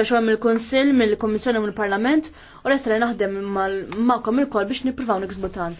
għam mill konsil mill-Komissjoni u mill-Parlament u l-estra naħdem ma'kom il-kol biex nippruvaw nikzbutan.